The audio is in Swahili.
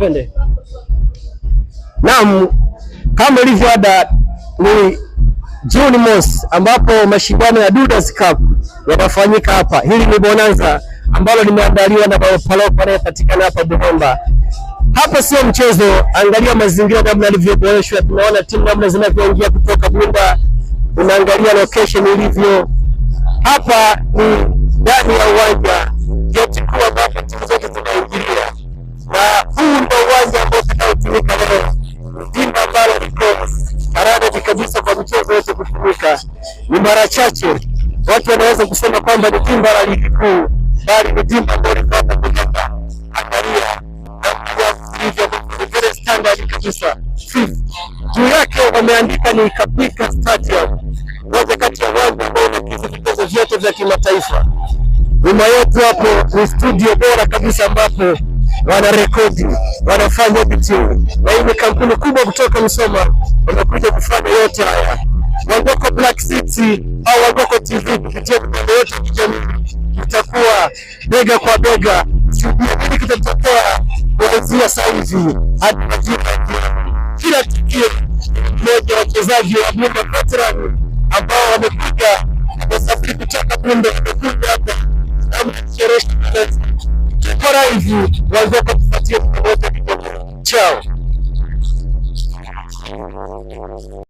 Twende. Naam, kama ilivyo ada ni Juni mosi ambapo mashindano ya Dudas Cup yanafanyika hapa. Hili ni bonanza ambalo limeandaliwa na Palop anayepatikana hapa Buhomba. Hapa sio mchezo, angalia mazingira namna yalivyoboreshwa. Tunaona timu namna zinavyoingia kutoka Bunda, unaangalia location ilivyo hapa, ni ndani ya uwanja mara chache watu wanaweza kusema kwamba ni jimba la ligi kuu, bali ni jimbo ambalo linapata kutoka angalia ile standard kabisa juu yake wameandika ni Kapika Stadium, moja kati ya wavu ambao unakiza vigezo vyote vya kimataifa. Nyuma yetu hapo ni studio bora kabisa ambapo wana rekodi wanafanya vitu, na hii ni kampuni kubwa kutoka Msoma wamekuja kufanya yote haya. Walboko Black City au Walboko TV kupitia vipande yote ya kijamii, mtakuwa bega kwa bega, sijui nini kitatokea kuanzia sasa hivi hadi majira. Kila tukio moja, wachezaji wa Bunda Veterans ambao wamekuja wamesafiri kutoka Bunda, wamekuja hapa tukora hivi, Walboko tupatie vipande yote ya kijamii chao